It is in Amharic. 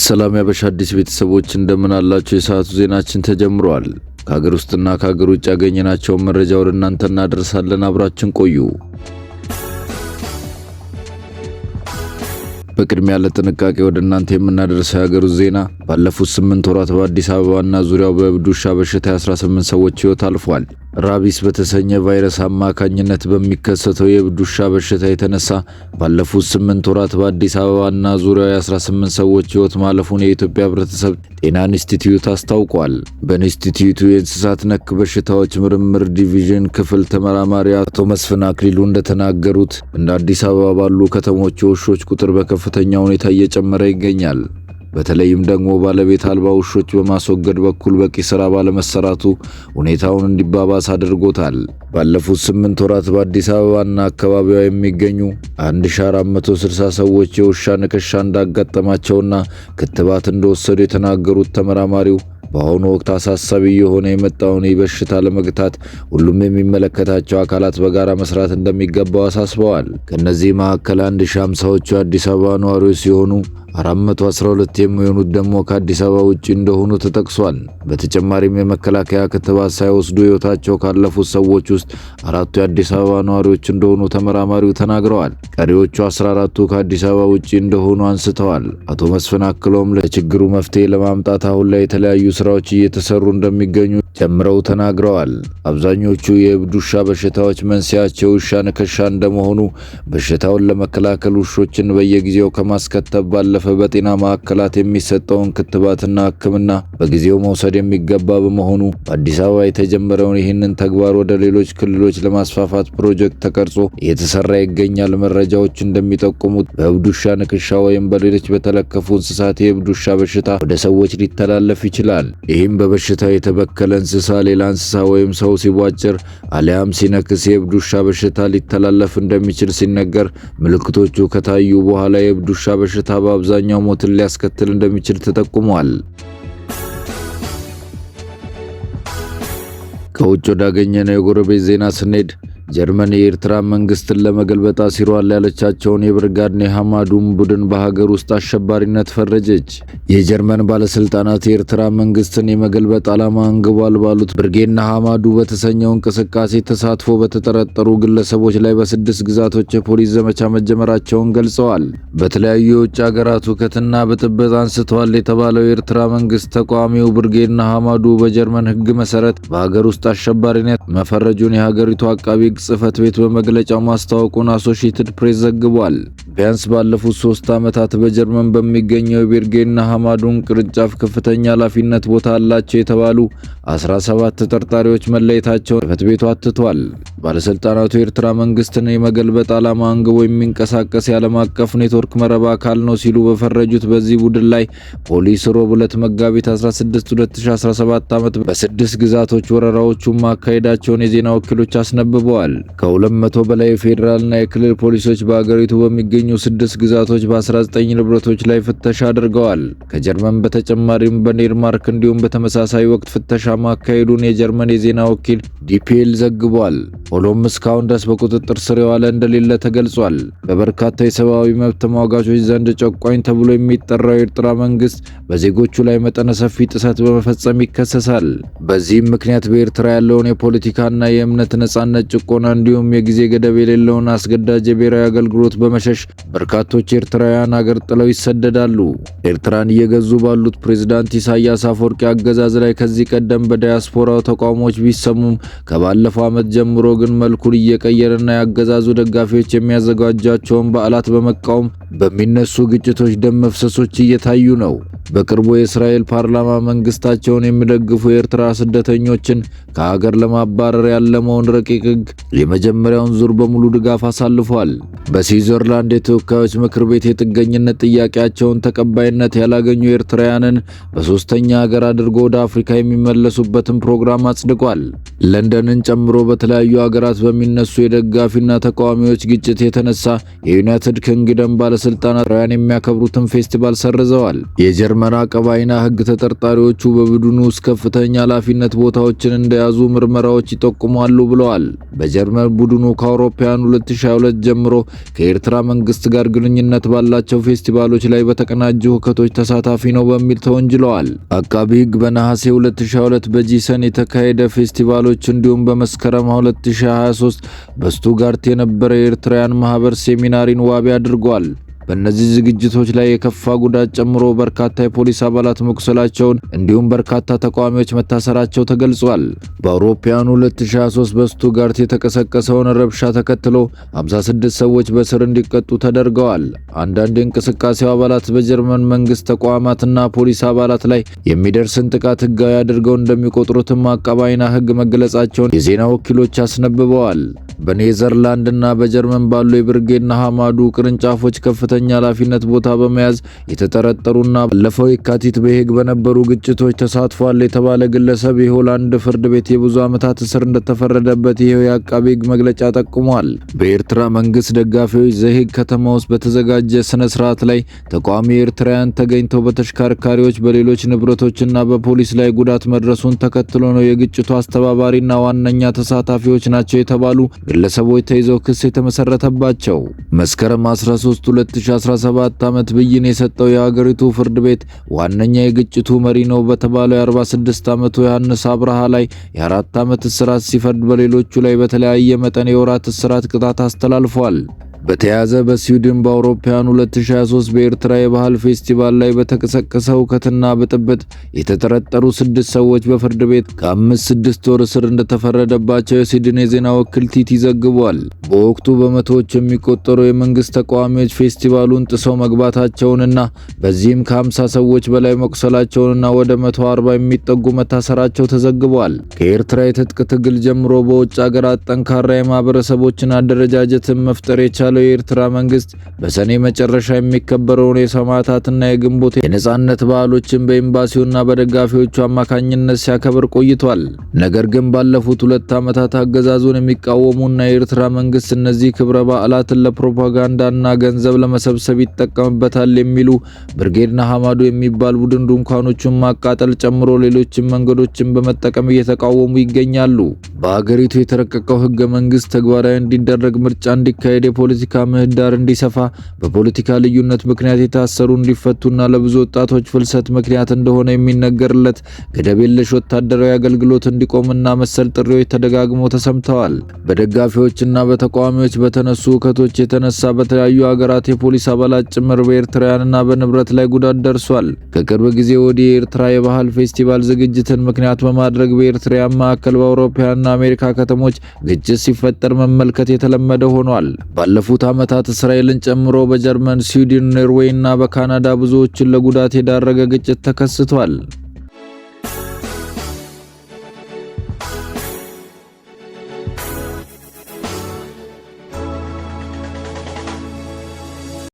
ሰላም ያበሻ አዲስ ቤተሰቦች እንደምን አላችሁ? የሰዓቱ ዜናችን ተጀምሯል። ከሀገር ውስጥና ከሀገር ውጭ ያገኘናቸውን መረጃ ወደ እናንተ እናደርሳለን። አብራችን ቆዩ። በቅድሚያ ለጥንቃቄ ወደ እናንተ የምናደርሰው የሀገር ውስጥ ዜና ባለፉት ስምንት ወራት በአዲስ አበባና ዙሪያው በእብድ ውሻ በሽታ የ18 ሰዎች ሕይወት አልፏል። ራቢስ በተሰኘ ቫይረስ አማካኝነት በሚከሰተው የእብድ ውሻ በሽታ የተነሳ ባለፉት ስምንት ወራት በአዲስ አበባና ዙሪያው የ18 ሰዎች ሕይወት ማለፉን የኢትዮጵያ ህብረተሰብ ጤና ኢንስቲትዩት አስታውቋል። በኢንስቲትዩቱ የእንስሳት ነክ በሽታዎች ምርምር ዲቪዥን ክፍል ተመራማሪ አቶ መስፍን አክሊሉ እንደተናገሩት እንደ አዲስ አበባ ባሉ ከተሞች የውሾች ቁጥር በከፍ በከፍተኛ ሁኔታ እየጨመረ ይገኛል። በተለይም ደግሞ ባለቤት አልባ ውሾች በማስወገድ በኩል በቂ ስራ ባለመሰራቱ ሁኔታውን እንዲባባስ አድርጎታል። ባለፉት ስምንት ወራት በአዲስ አበባና አካባቢዋ የሚገኙ 1460 ሰዎች የውሻ ንክሻ እንዳጋጠማቸውና ክትባት እንደወሰዱ የተናገሩት ተመራማሪው በአሁኑ ወቅት አሳሳቢ እየሆነ የመጣውን በሽታ ለመግታት ሁሉም የሚመለከታቸው አካላት በጋራ መስራት እንደሚገባው አሳስበዋል። ከእነዚህ መካከል አንድ ሺህ ሃምሳዎቹ አዲስ አበባ ነዋሪዎች ሲሆኑ 412 የሚሆኑት ደግሞ ከአዲስ አበባ ውጭ እንደሆኑ ተጠቅሷል። በተጨማሪም የመከላከያ ክትባት ሳይወስዱ ሕይወታቸው ካለፉት ሰዎች ውስጥ አራቱ የአዲስ አበባ ነዋሪዎች እንደሆኑ ተመራማሪው ተናግረዋል። ቀሪዎቹ 14ቱ ከአዲስ አበባ ውጭ እንደሆኑ አንስተዋል። አቶ መስፍን አክሎም ለችግሩ መፍትሄ ለማምጣት አሁን ላይ የተለያዩ ስራዎች እየተሰሩ እንደሚገኙ ጨምረው ተናግረዋል። አብዛኞቹ የእብድ ውሻ በሽታዎች መንስያቸው ውሻ ንክሻ እንደመሆኑ በሽታውን ለመከላከል ውሾችን በየጊዜው ከማስከተብ ባለፈ ባለፈ በጤና ማዕከላት የሚሰጠውን ክትባትና ሕክምና በጊዜው መውሰድ የሚገባ በመሆኑ በአዲስ አበባ የተጀመረውን ይህንን ተግባር ወደ ሌሎች ክልሎች ለማስፋፋት ፕሮጀክት ተቀርጾ እየተሰራ ይገኛል። መረጃዎች እንደሚጠቁሙት በእብድ ውሻ ንክሻ ወይም በሌሎች በተለከፉ እንስሳት የእብድ ውሻ በሽታ ወደ ሰዎች ሊተላለፍ ይችላል። ይህም በበሽታው የተበከለ እንስሳ ሌላ እንስሳ ወይም ሰው ሲቧጭር አሊያም ሲነክስ የእብድ ውሻ በሽታ ሊተላለፍ እንደሚችል ሲነገር ምልክቶቹ ከታዩ በኋላ የእብድ ውሻ በሽታ በአብዛ በአብዛኛው ሞትን ሊያስከትል እንደሚችል ተጠቁሟል። ከውጭ ወዳገኘነው የጎረቤት ዜና ስንሄድ ጀርመን የኤርትራ መንግስትን ለመገልበጥ አሲሯል ያለቻቸውን የብርጋዴር ሐማዱን ቡድን በሀገር ውስጥ አሸባሪነት ፈረጀች። የጀርመን ባለስልጣናት የኤርትራ መንግስትን የመገልበጥ ዓላማ አንግቧል ባሉት ብርጌና ሐማዱ በተሰኘው እንቅስቃሴ ተሳትፎ በተጠረጠሩ ግለሰቦች ላይ በስድስት ግዛቶች የፖሊስ ዘመቻ መጀመራቸውን ገልጸዋል። በተለያዩ የውጭ ሀገራት ውከትና ብጥብጥ አንስተዋል የተባለው የኤርትራ መንግስት ተቃዋሚው ብርጌና ሐማዱ በጀርመን ህግ መሰረት በሀገር ውስጥ አሸባሪነት መፈረጁን የሀገሪቱ አቃቢ ህግ ጽህፈት ቤት በመግለጫው ማስታወቁን አሶሺየትድ ፕሬስ ዘግቧል። ቢያንስ ባለፉት ሶስት ዓመታት በጀርመን በሚገኘው የቤርጌና ሐማዱን ቅርንጫፍ ከፍተኛ ኃላፊነት ቦታ አላቸው የተባሉ 17 ተጠርጣሪዎች መለየታቸውን ጽህፈት ቤቱ አትቷል። ባለሥልጣናቱ የኤርትራ መንግስትን የመገልበጥ ዓላማ አንግቦ የሚንቀሳቀስ የዓለም አቀፍ ኔትወርክ መረብ አካል ነው ሲሉ በፈረጁት በዚህ ቡድን ላይ ፖሊስ ሮብ ዕለት መጋቢት 16 2017 ዓመት በስድስት ግዛቶች ወረራዎቹን ማካሄዳቸውን የዜና ወኪሎች አስነብበዋል። ተገኝተዋል። ከ200 በላይ የፌዴራልና የክልል ፖሊሶች በአገሪቱ በሚገኙ ስድስት ግዛቶች በ19 ንብረቶች ላይ ፍተሻ አድርገዋል። ከጀርመን በተጨማሪም በዴንማርክ እንዲሁም በተመሳሳይ ወቅት ፍተሻ ማካሄዱን የጀርመን የዜና ወኪል ዲፒኤል ዘግቧል። ሆኖም እስካሁን ድረስ በቁጥጥር ስር የዋለ እንደሌለ ተገልጿል። በበርካታ የሰብአዊ መብት ተሟጋቾች ዘንድ ጨቋኝ ተብሎ የሚጠራው የኤርትራ መንግስት በዜጎቹ ላይ መጠነ ሰፊ ጥሰት በመፈጸም ይከሰሳል። በዚህም ምክንያት በኤርትራ ያለውን የፖለቲካና የእምነት ነጻነት ጭቆና ጭቆና እንዲሁም የጊዜ ገደብ የሌለውን አስገዳጅ የብሔራዊ አገልግሎት በመሸሽ በርካቶች ኤርትራውያን አገር ጥለው ይሰደዳሉ። ኤርትራን እየገዙ ባሉት ፕሬዝዳንት ኢሳያስ አፈወርቂ አገዛዝ ላይ ከዚህ ቀደም በዳያስፖራው ተቃውሞዎች ቢሰሙም ከባለፈው ዓመት ጀምሮ ግን መልኩን እየቀየረና የአገዛዙ ደጋፊዎች የሚያዘጋጃቸውን በዓላት በመቃወም በሚነሱ ግጭቶች ደም መፍሰሶች እየታዩ ነው። በቅርቡ የእስራኤል ፓርላማ መንግስታቸውን የሚደግፉ የኤርትራ ስደተኞችን ከሀገር ለማባረር ያለመውን ረቂቅ ሕግ የመጀመሪያውን ዙር በሙሉ ድጋፍ አሳልፏል። በስዊዘርላንድ የተወካዮች ምክር ቤት የጥገኝነት ጥያቄያቸውን ተቀባይነት ያላገኙ ኤርትራውያንን በሦስተኛ ሀገር አድርጎ ወደ አፍሪካ የሚመለሱበትን ፕሮግራም አጽድቋል። ለንደንን ጨምሮ በተለያዩ ሀገራት በሚነሱ የደጋፊና ተቃዋሚዎች ግጭት የተነሳ የዩናይትድ ኪንግደም ባለ ባለስልጣናት ራያን የሚያከብሩትን ፌስቲቫል ሰርዘዋል። የጀርመን አቀባይና ህግ ተጠርጣሪዎቹ በቡድኑ ውስጥ ከፍተኛ ኃላፊነት ቦታዎችን እንደያዙ ምርመራዎች ይጠቁማሉ ብለዋል። በጀርመን ቡድኑ ከአውሮፓውያን 2022 ጀምሮ ከኤርትራ መንግስት ጋር ግንኙነት ባላቸው ፌስቲቫሎች ላይ በተቀናጁ ሁከቶች ተሳታፊ ነው በሚል ተወንጅለዋል። አቃቢ ህግ በነሐሴ 2022 በጂሰን የተካሄደ ፌስቲቫሎች እንዲሁም በመስከረም 2023 በስቱጋርት የነበረ የኤርትራውያን ማህበር ሴሚናሪን ዋቢ አድርጓል። በእነዚህ ዝግጅቶች ላይ የከፋ ጉዳት ጨምሮ በርካታ የፖሊስ አባላት መቁሰላቸውን እንዲሁም በርካታ ተቃዋሚዎች መታሰራቸው ተገልጿል። በአውሮፓውያኑ 2023 በስቱትጋርት የተቀሰቀሰውን ረብሻ ተከትሎ 56 ሰዎች በስር እንዲቀጡ ተደርገዋል። አንዳንድ የእንቅስቃሴው አባላት በጀርመን መንግስት ተቋማትና ፖሊስ አባላት ላይ የሚደርስን ጥቃት ህጋዊ አድርገው እንደሚቆጥሩትም አቃባይና ህግ መገለጻቸውን የዜና ወኪሎች አስነብበዋል። በኔዘርላንድና በጀርመን ባሉ የብርጌና ሐማዱ ቅርንጫፎች ከፍተኛ ኃላፊነት ቦታ በመያዝ የተጠረጠሩና ባለፈው የካቲት በሄግ በነበሩ ግጭቶች ተሳትፏል የተባለ ግለሰብ የሆላንድ ፍርድ ቤት የብዙ ዓመታት እስር እንደተፈረደበት ይኸው የአቃቢ ሕግ መግለጫ ጠቁሟል። በኤርትራ መንግስት ደጋፊዎች ዘሄግ ከተማ ውስጥ በተዘጋጀ ስነ ስርዓት ላይ ተቃዋሚ ኤርትራውያን ተገኝተው በተሽከርካሪዎች በሌሎች ንብረቶችና በፖሊስ ላይ ጉዳት መድረሱን ተከትሎ ነው የግጭቱ አስተባባሪና ዋነኛ ተሳታፊዎች ናቸው የተባሉ ግለሰቦች ተይዘው ክስ የተመሰረተባቸው። መስከረም 13 2017 ዓመት ብይን የሰጠው የአገሪቱ ፍርድ ቤት ዋነኛ የግጭቱ መሪ ነው በተባለው የ46 ዓመቱ ዮሐንስ አብርሃ ላይ የአራት ዓመት እስራት ሲፈርድ በሌሎቹ ላይ በተለያየ መጠን የወራት እስራት ቅጣት አስተላልፏል። በተያያዘ በስዊድን በአውሮፓውያን 2023 በኤርትራ የባህል ፌስቲቫል ላይ በተቀሰቀሰ ሁከትና ብጥብጥ የተጠረጠሩ ስድስት ሰዎች በፍርድ ቤት ከአምስት ስድስት ወር እስር እንደተፈረደባቸው የስዊድን የዜና ወኪል ቲቲ ዘግቧል። በወቅቱ በመቶዎች የሚቆጠሩ የመንግስት ተቃዋሚዎች ፌስቲቫሉን ጥሰው መግባታቸውንና በዚህም ከ50 ሰዎች በላይ መቁሰላቸውንና ወደ 140 የሚጠጉ መታሰራቸው ተዘግቧል። ከኤርትራ የትጥቅ ትግል ጀምሮ በውጭ አገራት ጠንካራ የማህበረሰቦችን አደረጃጀትን መፍጠር የቻለ ያለው የኤርትራ መንግስት በሰኔ መጨረሻ የሚከበረውን የሰማዕታትና የግንቦት የነጻነት በዓሎችን በኤምባሲውና በደጋፊዎቹ አማካኝነት ሲያከብር ቆይቷል። ነገር ግን ባለፉት ሁለት ዓመታት አገዛዙን የሚቃወሙና የኤርትራ መንግስት እነዚህ ክብረ በዓላትን ለፕሮፓጋንዳና ገንዘብ ለመሰብሰብ ይጠቀምበታል የሚሉ ብርጌድና ናሃማዱ የሚባል ቡድን ድንኳኖቹን ማቃጠል ጨምሮ ሌሎችን መንገዶችን በመጠቀም እየተቃወሙ ይገኛሉ። በአገሪቱ የተረቀቀው ህገ መንግስት ተግባራዊ እንዲደረግ ምርጫ እንዲካሄድ የፖለቲ የፖለቲካ ምህዳር እንዲሰፋ፣ በፖለቲካ ልዩነት ምክንያት የታሰሩ እንዲፈቱና ለብዙ ወጣቶች ፍልሰት ምክንያት እንደሆነ የሚነገርለት ገደብ የለሽ ወታደራዊ አገልግሎት እንዲቆምና መሰል ጥሪዎች ተደጋግሞ ተሰምተዋል። በደጋፊዎችና በተቃዋሚዎች በተነሱ ውከቶች የተነሳ በተለያዩ ሀገራት የፖሊስ አባላት ጭምር በኤርትራውያንና በንብረት ላይ ጉዳት ደርሷል። ከቅርብ ጊዜ ወዲህ የኤርትራ የባህል ፌስቲቫል ዝግጅትን ምክንያት በማድረግ በኤርትራውያን መካከል በአውሮፓውያንና አሜሪካ ከተሞች ግጭት ሲፈጠር መመልከት የተለመደ ሆኗል። ባለፉ ባለፉት ዓመታት እስራኤልን ጨምሮ በጀርመን፣ ስዊድን፣ ኖርዌይ እና በካናዳ ብዙዎችን ለጉዳት የዳረገ ግጭት ተከስቷል።